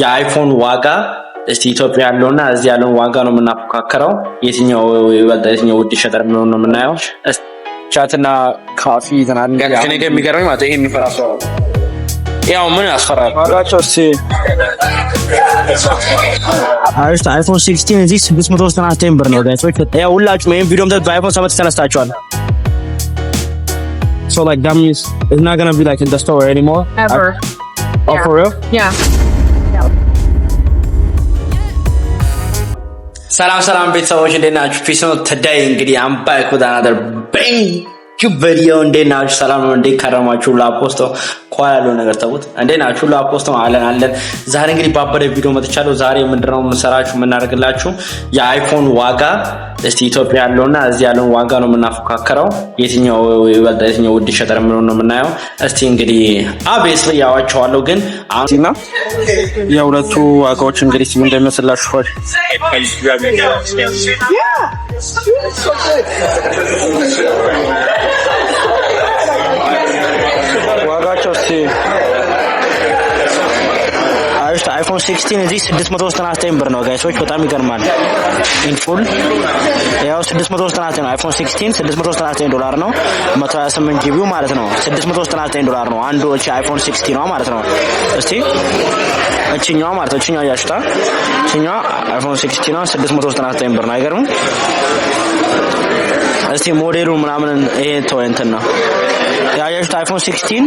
የአይፎን ዋጋ እስቲ ኢትዮጵያ ያለውና እዚህ ያለውን ዋጋ ነው የምናፎካከረው። የትኛው የትኛው ውድ ይሸጠር የሚሆን ነው የምናየው። ቻትና ካፊ ከኔ ጋር የሚገርመኝ ማለት ይሄ የሚፈራ ሰው ያው ምን ያስፈራል ዋጋቸው እስኪ አይፎን ሲክስቲን እዚህ ስድስት መቶ ዘጠና ዘጠኝ ብር ነው። ጋይሶች ያው ሁላችሁም ይሄን ቪዲዮም በአይፎን ሰባት ተነስታችኋል። So like that means it's not gonna be like in the store anymore. Ever. I, yeah. Oh, for real? Yeah. ሰላም ሰላም ቤተሰቦች እንዴት ናችሁ? ፒስ ነው። ተዳይ እንግዲህ አምባይ ኩዳናደር በኝ ዩ በዲዮ እንዴት ናችሁ? ሰላም ነው? እንዴት ከረማችሁ? ላፖስቶ ኳል ያለው ነገር ተውት። እንዴት ናችሁ? ላፖስቶ አለን አለን። ዛሬ እንግዲህ ባበደ ቪዲዮ መጥቻለሁ። ዛሬ ምንድነው ነው የምንሰራችሁ የምናደርግላችሁ የአይፎን ዋጋ እስቲ ኢትዮጵያ ያለውና እዚህ ያለውን ዋጋ ነው የምናፎካከረው። የትኛው ይበልጣ፣ የትኛው ውድ ይሸጠር የሚሆን ነው የምናየው። እስቲ እንግዲህ አቤስ ላይ ያዋቸዋለሁ። ግን አሁንና የሁለቱ ዋጋዎች እንግዲህ ምን እንደሚመስላችኋል so good. Guarda ciò ጋይስ አይፎን 16 እዚህ 699 ብር ነው ጋይሶች፣ በጣም ይገርማል። ኢንፉል ያው 699 ነው። አይፎን 16 699 ዶላር ነው። 128 ጂቢው ማለት ነው 699 ዶላር ነው። አንዱ እቺ አይፎን 16 ነው ማለት ነው። እስቲ እቺኛው ማለት ነው እቺኛው ያሽታ እቺኛው አይፎን 16 ነው 699 ብር ነው። አይገርምም? እስቲ ሞዴሉ ምናምን ይሄ ተወንተን ነው ያያችሁት አይፎን ሲክስቲን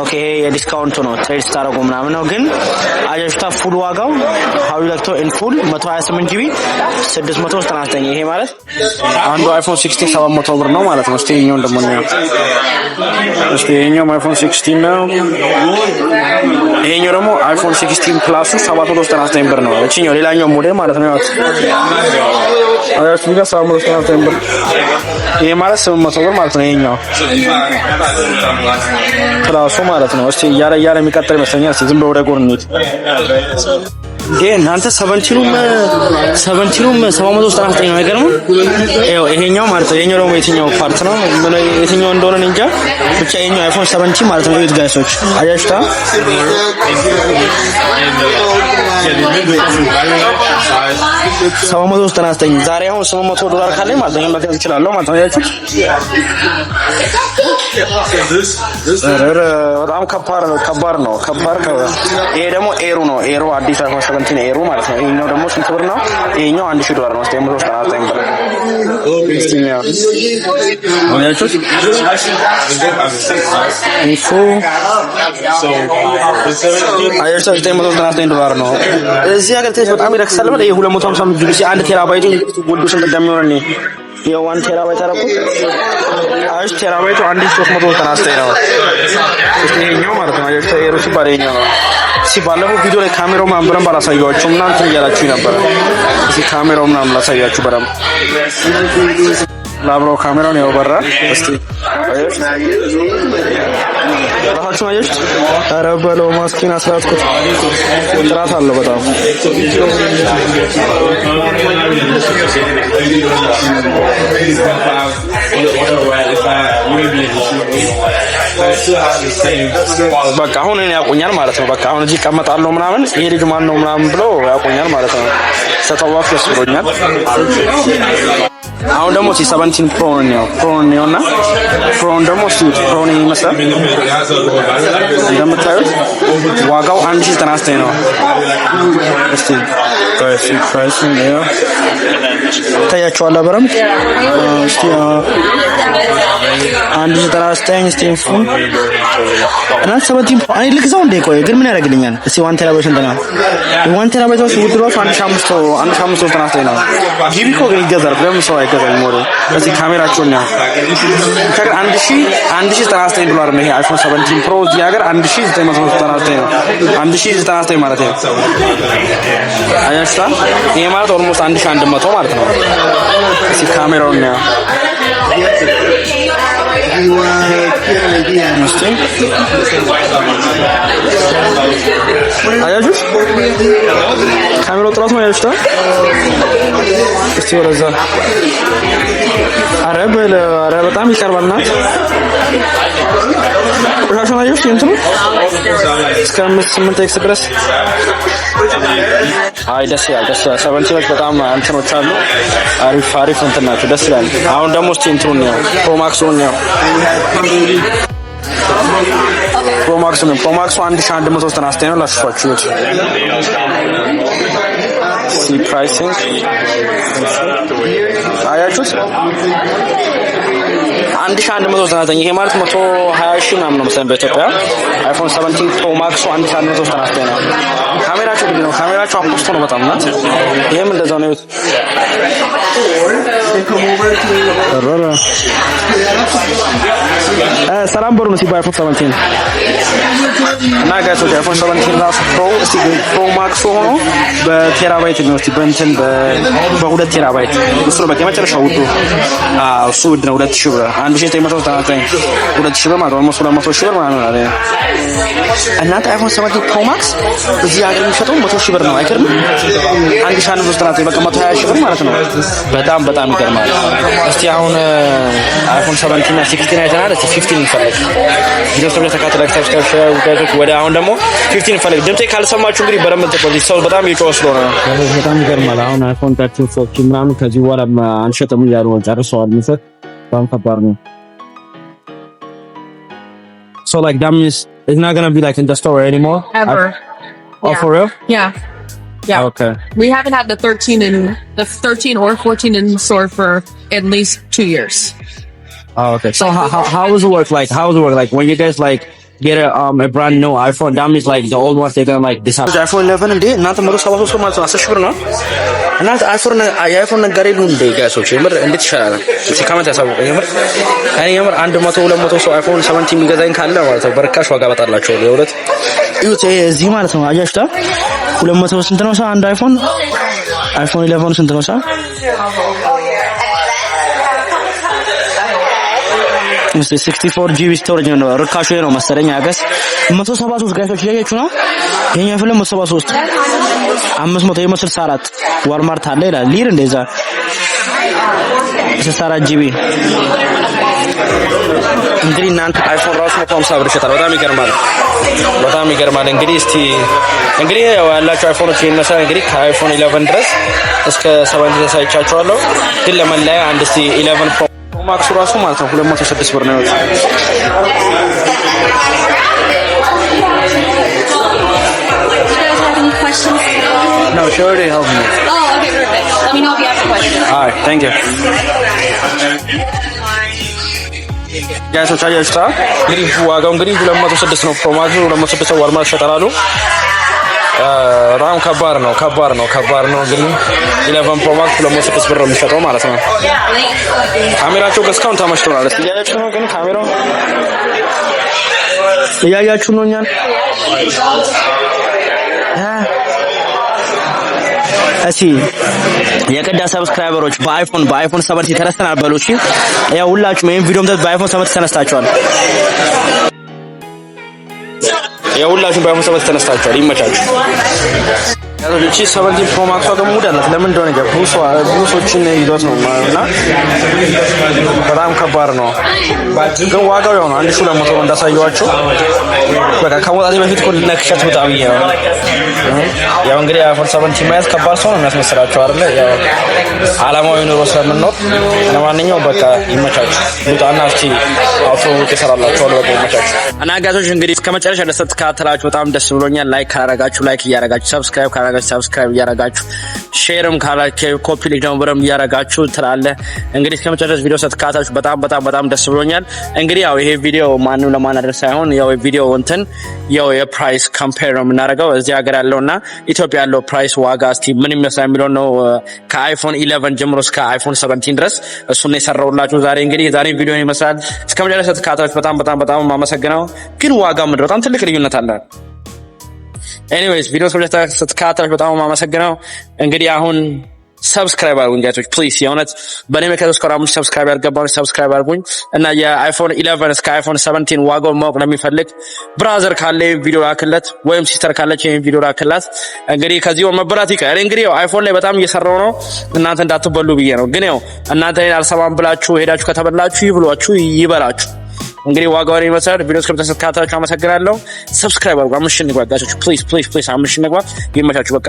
ኦኬ፣ ይሄ የዲስካውንቱ ነው። ትሬድ ስታደርጉ ምናምን ነው። ግን አያችሁታ ፉል ዋጋው ሀዊ ለክቶ ኢን ፉል 128 ጂቢ 699 ይሄ ማለት አንዱ አይፎን ሲክስቲን 700 ብር ነው ማለት ነው። እስቲ ይሄኛውን ደግሞ ነው። እስቲ ይሄኛው አይፎን ሲክስቲን ነው። ይሄኛው ደግሞ አይፎን ሲክስቲን ፕላሱ 799 ብር ነው። እቺኛው ሌላኛው ሞዴል ማለት ነው። አያችሁ ጋር 799 ብር ይሄ ማለት ስምንት መቶ ብር ማለት ነው። ይሄኛው ትራሱ ማለት ነው። እስቲ እያለ እያለ የሚቀጥል ይመስለኛል። እስቲ ዝም ብለው ወደ እንሂድ። ይሄ እናንተ ሰቨንቲኑም ሰቨንቲኑም ሰባ መቶ ዘጠና ዘጠኝ ነው። አይገርምም? ይሄኛው ማለት ነው። ይሄኛው ደግሞ የትኛው ፓርት ነው የትኛው እንደሆነ እንጃ። ብቻ ይሄኛው አይፎን ሰቨንቲ ማለት ነው። እዩት ጋይሶች አያችሁታ ሰባ መቶ ዘጠና ዘጠኝ ዛሬ አሁን ስምንት መቶ ዶላር ካለኝ ማለት ነው መያዝ እችላለሁ ማለት ነው። ያቺ በጣም ከባድ ነው። ከባድ ነው። ከባድ ነው። ይሄ ደግሞ ኤሩ ነው። ኤሩ አዲስ አይፎን ሰቨንቲን ኤሩ ማለት ነው። ይሄኛው ደግሞ ስንት ብር ነው? ይሄኛው አንድ ሺህ ዶላር ነው። ዘጠኝ መቶ ዘጠና ዘጠኝ ብር ነው። እዚህ ሀገር ትንሽ በጣም ይረክሳል። በል ይሄ 255 ሀምሳ ጂቢ አንድ ቴራባይቱ ውዱ ስንት እንደሚሆን ያው ቴራባይት አረኩ አሽ ቴራባይቱ አንድ ሶስት መቶ ዘጠና ነው። ይሄኛው ማለት ነው ኤሮ ሲባል ይሄኛው ነው። እስኪ ባለፈው ቪዲዮ ላይ ካሜራው ምናምን በደንብ አላሳያችሁም እና እንትን እያላችሁ ነበረ። እስኪ ካሜራው ምናምን ላሳያችሁ በደንብ ላብረው ካሜራውን ያው በራ እስኪ ነው። አያችሁት? ኧረ በለው ማስኪን አስራትኩት። ጥራት አለው በጣም በቃ አሁን እኔ ያውቁኛል ማለት ነው። በቃ አሁን እዚህ ቀመጣለሁ ምናምን ይሄ ልጅ ማን ነው ምናምን ብሎ ያውቁኛል ማለት ነው። ተጠዋፍ ደስ ብሎኛል። አሁን ደግሞ ሲ 17 ፕሮ ነው ፕሮን ነውና ፕሮን ደግሞ ሲ ፕሮ ነው ይመስላል እንደምታዩት ዋጋው አንድ ሺ ዘጠና ዘጠኝ ነው። እስቲ ታያቸዋል አበረም እስቲ አንድ ዘጠና ዘጠኝ እስቲ እና ሰባት ልግዛው እንዴ ቆይ ግን ምን ያደርግልኛል? እስቲ ዋን ቴራባይት እንትና ዋን ቴራባይት ውስጥ ውድሮ አንድ ሺህ አምስት መቶ አንድ ሺህ አምስት መቶ ዘጠና ዘጠኝ ነው። ጂቢ እኮ ግን ይገዛል። ለምን ሰው አይገዛም? ወደ እዚህ ካሜራቸውን ያ አንድ ሺህ አንድ ሺህ ዘጠና ዘጠኝ ዶላር ነው ይሄ አይፎን ሰቨንቲን ፕሮ እዚህ ሀገር አንድ ሺህ ዘጠኝ መቶ ዘጠና ዘጠኝ ነው። አንድ ሺህ ዘጠና ዘጠኝ ማለት ነው። ተነሳ። ይሄ ማለት ኦልሞስት አንድ ሺህ አንድ መቶ ማለት ነው። እስኪ ካሜራውን አያችሁት? ካሜራው ጥራት ነው ያያችሁታል። እስቲ ወደዛ። አረ በለ አረ በጣም ይቀርባል። እናት ቆሻሻውን አያችሁት? እንትኑ እስከ አምስት ስምንት ኤክስ ድረስ አይ ደስ ይላል፣ ደስ ይላል። ሰቨንቲኖች በጣም እንትኖች አሉ። አሪፍ አሪፍ እንትን ናቸው፣ ደስ ይላል። አሁን ደግሞ እስቲ እንትኑን ነው ፕሮማክሱን ነው ፕሮማክሱ ነው ፕሮማክሱ አንድ ሺህ አንድ መቶ ዘጠና ዘጠኝ ነው። ላሽፏችሁ ፕራይሲንግ አያችሁት? አንድ ሺህ አንድ መቶ ዘጠና ዘጠኝ ይሄ ማለት መቶ ሀያ ሺህ ምናምን ነው መሰለኝ በኢትዮጵያ አይፎን ሰቨንቲን ፕሮማክሱ አንድ ሺህ አንድ መቶ ዘጠና ዘጠኝ ነው። ካሜራቸው ግድ ነው። ካሜራቸው አፖስቶ ነው በጣም ናት። ይህም እንደዛው ነው። ሰላም በሩ ነው ሲባል አይፎን 17 እና ጋይስ ወደ አይፎን 17 ራሱ ፕሮ እስቲ ፕሮ ማክስ ሆኖ በቴራባይት ነው እስቲ በእንትን በሁለት ቴራባይት እሱ ነው በቃ የመጨረሻው ውዱ። እሱ ውድ ነው። ሁለት ብር አንድ ሺህ ብር ማለት ነው ሁለት ሺህ ብር ማለት ነው። እናንተ አይፎን 17 ፕሮ ማክስ እዚህ ሀገር የሚሸጠው 100 ሺህ ብር ነው። አይገርምም? አንድ ሺህ አንድ በቃ መቶ ሺህ ብር ማለት ነው። በጣም በጣም ይገርማል። እስቲ አሁን አይፎን 17 17 16 አይተናል። እስቲ 15 እንፈልግ። ዲኖሰር ላይ ተካተላክ ሰብስክራይብ ሼር ውደዱት። ወደ አሁን ደግሞ 15 እንፈልግ። ድምጤ ካልሰማችሁ እንግዲህ በደምብ ተቆልኝ። ሰው በጣም እየጮኸ ስለሆነ በጣም ይገርማል። አሁን አይፎን ተርቲን ፎርቲን ምናምን ከዚህ በኋላ አንሸጥም እያሉ ጨርሰዋል። ምሰት በጣም ከባድ ነው። So like that means it's not gonna be like in the store anymore. Ever. Oh, yeah. for real? Yeah. Yeah. Okay. We haven't had the 13 in the 13 or 14 in store for at least two years. Oh, okay. So how, how how is the work like? How is the work like when you guys like get a um a brand new iPhone? That means like the old ones they're gonna like this. iPhone 11 እንዴ እናንተ 173 ማለት ነው። አስር ሺህ ብር ነው እናንተ አይፎን የአይፎን ነጋዴ ነው እንዴ ጋሶች? የምር እንዴት ይሻላል? እስኪ ከመንት ያሳውቁ። የምር እኔ የምር 100 200 ሰው አይፎን 70 የሚገዛኝ ካለ ማለት ነው በርካሽ ዋጋ ባጣላቸው ነው የሁለት እዩት። እዚህ ማለት ነው አያሽታ 200 ስንት ነው? አንድ አይፎን አይፎን 11 ስንት ነው? ጂቢ ስቶሬጅ ነው። ርካሹ ነው መሰለኝ አገስ 173 ጋይሶች እያያችሁ ነው። የኛ 173 500 64 ዋልማርት አለ ይላል ሊር እንደዛ 64 ጂቢ እንግዲህ እናንተ አይፎን ራሱ 150 ብር ይሸጣል። በጣም ይገርማል፣ በጣም ይገርማል። እንግዲህ እስቲ እንግዲህ ያላቸው አይፎኖች ይነሳ እንግዲህ ከአይፎን 11 ድረስ እስከ 7 ድረስ ግን ለመለያ አንድ እስቲ 11 ፕሮ ማክሱ ራሱ ማለት ነው ሁለት መቶ ስድስት ብር ነው። ጋይሶች አያችሁታ እንግዲህ ዋጋው እንግዲህ ሁለት ስድስት ነው። ፕሮማክሱ ሁለት መቶ ስድስት በጣም ከባድ ነው፣ ከባድ ነው፣ ከባድ ነው። እንግዲህ ኢለቨን ፕሮ ማክስ ሁለት ስድስት ብር ነው የሚሸጠው ማለት ነው። ካሜራቸው እስካሁን ተመችቶ ማለት ነው። ግን ካሜራው እያያችሁ ነው እኛን እሺ የቅዳ ሰብስክራይበሮች በአይፎን በአይፎን ሰቨንቲ ተነስተናል በሉ። እሺ ያው ሁላችሁም ይሄን ቪዲዮም በአይፎን ሰቨንቲ ተነስታችኋል። የሁላችሁም ባይሆን ሰበት ተነስታችኋል። ይመቻችሁ። እቺ ሰቨንቲ ፕሮ ደግሞ ሙድ ለምን እንደሆነ ብሉሶችን ይዞት ነው እና በጣም ከባድ ነው። ግን ዋጋው ያው ነው አንድ ሺህ ሁለት መቶ ነው በቃ ከመውጣቴ በፊት እኮ ልነክሸት ብጣ ብዬ ነው። ያው እንግዲህ አፎር ሰቨንቲ መያዝ ከባድ ሰው ነው የሚያስመስላቸው አይደለ? አላማዊ ኑሮ ስለምንኖር ለማንኛውም በቃ ይመቻችሁ። ብጣና እስቲ አውቶ ውጤ ይሰራላችኋል። በቃ ይመቻችሁ። እና ጋቶች እንግዲህ እስከ መጨረሻ ደሰት በጣም ደስ ብሎኛል። ላይክ ካላረጋችሁ ላይክ እያረጋችሁ ሰብስክራይብ ካረጋችሁ ሰብስክራይብ እያረጋችሁ ሼርም ካላችሁ ኮፒ ሊክ ደግሞ ብረም እያረጋችሁ ትላለህ። እንግዲህ ከመጨረሻ ቪዲዮ ስትካታችሁ በጣም በጣም በጣም ደስ ብሎኛል። እንግዲህ ያው ይሄ ቪዲዮ ማንም ለማናደር ሳይሆን ያው ቪዲዮ እንትን ያው የፕራይስ ካምፔር ነው የምናደርገው እዚህ ሀገር ያለውና ኢትዮጵያ ያለው ፕራይስ ዋጋ እስቲ ምን ይመስላል የሚለው ነው ከአይፎን 11 ጀምሮ እስከ አይፎን 17 ድረስ እሱ ነው የሰራውላችሁ ዛሬ። እንግዲህ የዛሬ ቪዲዮ ይመስላል። እስከ መጨረሻ ስትካታችሁ በጣም በጣም በጣም ማመሰግነው። ግን ዋጋ ምድር በጣም ትልቅ ልዩነት አለ። ኤኒዌይስ ቪዲዮ ስለተከታተላችሁ በጣም የማመሰግነው። እንግዲህ አሁን ሰብስክራይብ አርጉኝ ጋቶች ፕሊስ፣ የእውነት በእኔ መከት ኮራ ሙሽ ሰብስክራይብ ያልገባሁ ሰብስክራይብ አርጉኝ እና የአይፎን 11 እስከ አይፎን 17 ዋጋውን ማወቅ ለሚፈልግ ብራዘር ካለ ይህን ቪዲዮ ላክለት፣ ወይም ሲስተር ካለች ይህን ቪዲዮ ላክላት። እንግዲህ ከዚህ መበላት ይቀር። እንግዲህ አይፎን ላይ በጣም እየሰራው ነው፣ እናንተ እንዳትበሉ ብዬ ነው። ግን ያው እናንተ አልሰማም ብላችሁ ሄዳችሁ ከተበላችሁ ይብሏችሁ፣ ይበላችሁ እንግዲህ ዋጋውን ይመስላል። ቪዲዮ ስክሪፕት ተስካታችሁ አመሰግናለሁ። ሰብስክራይብ አድርጉ። አምስት ሺህ እንግባ ጋሾች፣ ፕሊዝ ፕሊዝ ፕሊዝ፣ አምስት ሺህ እንግባ። ይመቻችሁ በቃ